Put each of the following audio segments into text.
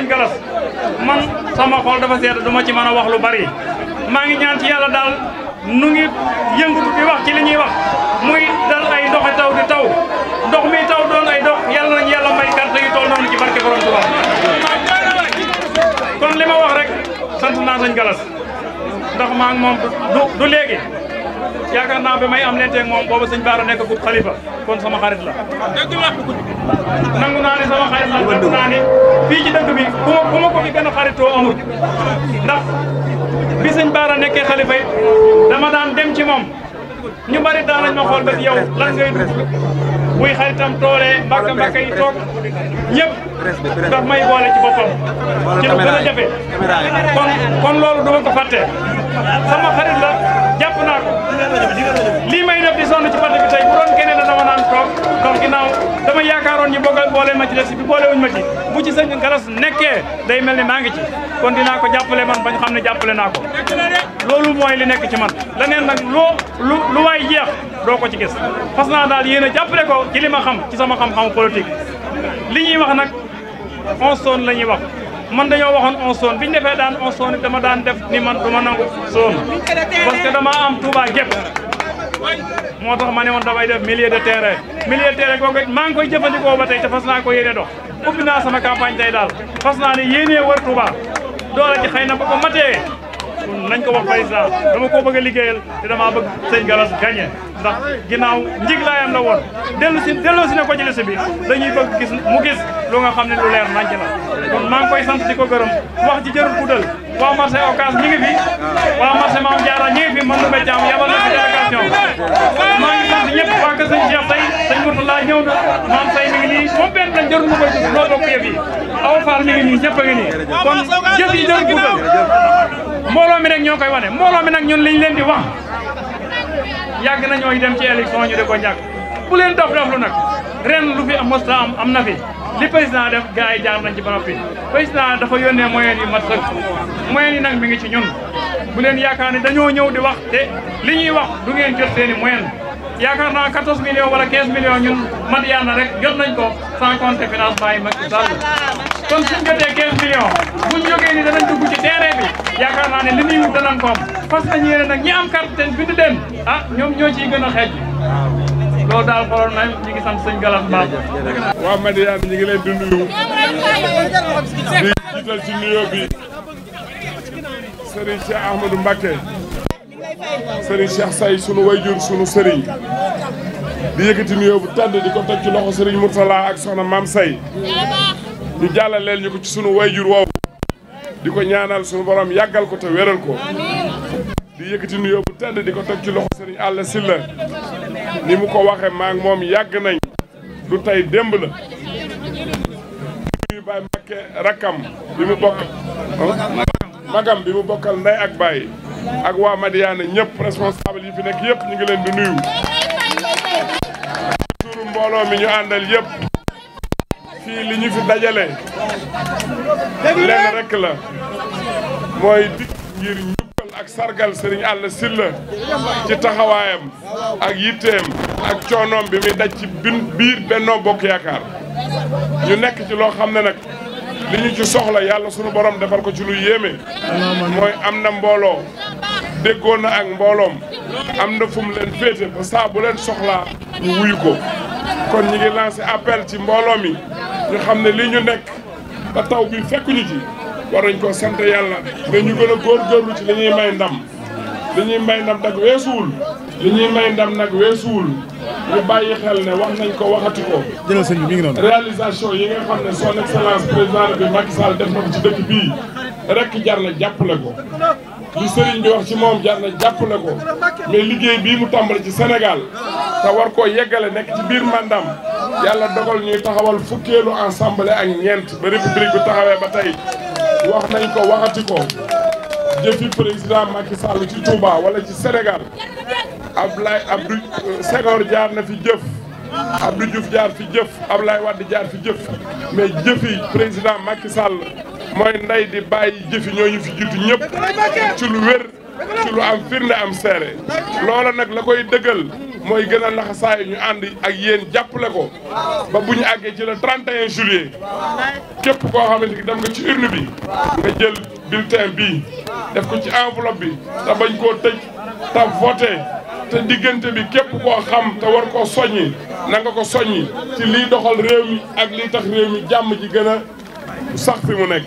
Sëriñ Galas man sama xol dafa sedd du ma ci mën a wax lu bari maa ngi ñaan yàlla daal nu ngi yëngutu i wax ci li ñuy wax muy dal ay ndoxi taw di taw ndox mi taw doon ay dox yàlla nañ yàlla may carte yu toll noonu ci barke borom Tuubaa kon li ma wax rek sant naa sañ Galas ndax maa moom du du léegi yaakaar naa bi may am lenteeg moom boobu sëñ Baara nekk gub xalifa kon sama xarit la. nangu naa sama xarit la fii ci dëkk bi ku ma ku ma ko fi gën a xaritoo amul ndax bi sëñ Baara nekke xalifa yi dama daan dem ci moom ñu bari daan nañ ma xool ba yow lan ngay dugg buy xaritam toolee mbàkk mbàkk yi toog ñëpp daf may boole ci boppam ci lu a jafe kon kon loolu duma ko fàtte sama xarit la si bi boole wuñu ma ci bu ci sëñ galas nekkee day mel ni maa kon dinaa ko man bañ xam ne jàppale naa ko loolu mooy li nekk ci man leneen nag loo lu lu waay jeex doo ko ci gis fas naa daal yéen a jàppale ko ci li ma xam ci sama xam-xamu politique li ñuy wax nag onze tonnes la wax man dañoo waxoon onze tonnes bi ñu defee daan onze tonnes dama daan def ni man du nangu zone parce dama am Touba gépp moo tax ma ne woon damay def milieu de terrain milieu de terrain kooku maa ngi koy jëfandikoo ba tey te fas naa ko yéene dox ubbi naa sama campagne tey daal fas naa ne yéenee wër Touba doole ji na ba ko matee nañ ko wax président dama ko bag a liggéeyal te damaa bëgg sëñ Gallas gagné ndax ginnaaw njiglaayam la woon dellu si delloo si na ko ci liste bi dañuy bëgg gis mu gis lu nga xam ne lu leer nañ ci la kon maa ngi koy sant di ko gërëm wax ji jarul guddal waa marché Ocass ñi ngi fi waa marché Mame Diarra ñi émission maa ngi sant ñëpp waa kër sëñ Cheikh Seye sëñ Mourtala ñëw na maam Seye mi moom benn lañ jarul ma koy bokk yëf yi aw Fall mi ngi a ngi nii kon jëf yi jarul guddal mbooloo mi rek ñoo koy wane mbooloo mi nag ñun liñ leen di wax yàgg na ñooy dem ci élection ñu di ko ñàkk bu leen dof dof lu nag ren lu fi am la am am na fi li président def gars yi nañ ci ba noppi président dafa yónnee moyen yi mat sëkk moyen yi nag mi ngi ci ñun bu leen yaakaar ne dañoo ñëw di wax te li ñuy wax du ngeen jot seen i moyen yaakaar naa 14 millions wala 15 millions ñun mat yàlla rek jot nañ ko sans compter financement yi Macky Sall kon suñ jotee 15 millions buñ jógee ni danañ dugg ci terrain bi yaakaar naa ne li ñuy danañ ko am parce que ñeneen nag ñi am carte ten bind leen ah ñoom ñoo ciy gën a xeej loolu daal xooloon nañ ñu ngi sant sëñ Galas Mbaam. waaw Madiyana ñu Serigne Cheikh Ahmadou mbakke Serigne Cheikh Say sunu wayjur sunu Serigne di yëkkati nuyoo bu tedd di ko teg ci loxo Serigne Mourtala ak soxna Maam Say ñu jàllaleel ñu ko ci sunu wayjur woowu di ko ñaanal sunu borom yàggal ko te weral ko di yëkkati nuyoo bu tedd di ko teg ci loxo Serigne Alla Silla ni mu ko waxe maa moom yàgg nañ du tey démb la nuyu Baye Mbacké rakkam bi mu bokk magam bi mu bokkal nday ak baay ak waa Madiyaana ñëpp responsable yi fi nekk yëpp ñu ngi leen di nuyu turu mbooloo mi ñu àndal yëpp fii li ñu fi dajale lenn rek la mooy dikk ngir ñukkal ak sargal Serigne Alla Sylla ci taxawaayam ak yitteem ak coonoom bi muy daj ci biir Benno Bokk Yaakaar ñu nekk ci loo xam ne nag li ñu ci soxla yàlla sunu borom defal ko ci lu yéeme mooy am na mbooloo déggoo na ak mbooloom am na fum mu leen féete ba saa leen soxlaa ñu wuyu ko kon ñi gi lancé appel ci mbooloo mi ñu xam ne li ñu nekk ba taw bi fekkuñu ci war nañ ko sant yàlla mais ñu gën a góorgóorlu ci li ñuy may ndam li ñuy may ndam dag weesuwul li ñuy may ndam nag weesuwul ñu bàyyi xel ne wax nañ ko waxati ko. jërëjëf sëñ bi mi ngi noonu. réalisation yi nga xam ne son excellence président bi Macky Sall def na ci dëkk bii rek jar na jàppale ko. li sëriñ bi wax ci moom jar na jàppale ko mais liggéey bii mu tàmbali ci senegal te war koo yeggale nekk ci biir mandam yàlla dogal ñuy taxawal fukkeelu ensemble ak ñeent ba république bi taxawee ba tey wax nañ ko waxati ko jëfi président Macky Sall ci Touba wala ci Sénégal. Abdoulaye Abdou euh, Senghor jaar na fi jëf Abdou Diouf jaar fi jëf Abdoulaye Wade jaar fi jëf mais jëfi président Macky sal mooy ndey di bàyyi jëfi ñooñu fi jiitu ñëpp ci lu wér ci lu am firnde am seere loola nag la koy dëgël mooy gën a laxasaayu ñu ànd ak yéen jàppale ko ba bu ñu àggee ci le 31 juillet képp ko xamante ni dem nga ci urne bi nga jël bulletin bi def ko ci enveloppe bi te bañ koo tëj te voté te diggante bi képp koo xam te war koo soññi na nga ko soññi ci liy doxal réew yi ak liy tax réew mi jàmm ji gën a sax fi mu nekk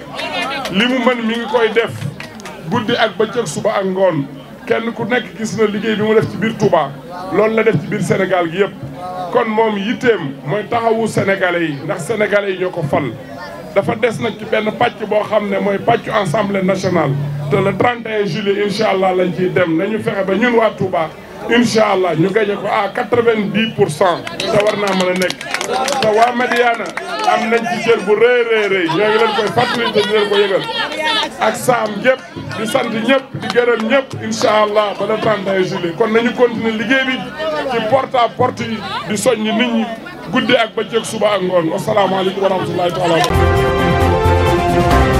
li mu mën mi ngi koy def guddi ak bëccëg suba ak ngoon kenn ku nekk gis na liggéey bi mu def ci biir Touba loolu la def ci biir Sénégal gi yëpp kon moom yitteem mooy taxawu sénégalais yi ndax sénégalais yi ñoo ko fal dafa des nag ci benn pàcc boo xam ne mooy pàccu assemblée nationale te le 31 juillet incha allah lañ ciy dem nañu fexe ba ñun waa Touba incha allah ñu gagné ko à quatre-vingt-dix pour cent te war naa mën a nekk te waa Madiana am nañ ci cër bu rëy rëy ñoo ngi leen koy fàttali te di leen ko yëgal ak saam ñëpp di sant ñëpp di gërëm ñëpp incha allah ba le 31 juillet kon nañu continuer liggéey bi ci porte à di soññ nit ñi guddi ak bëccëg suba ak ngoon wasalaamaaleykum wa rahmatullahi taala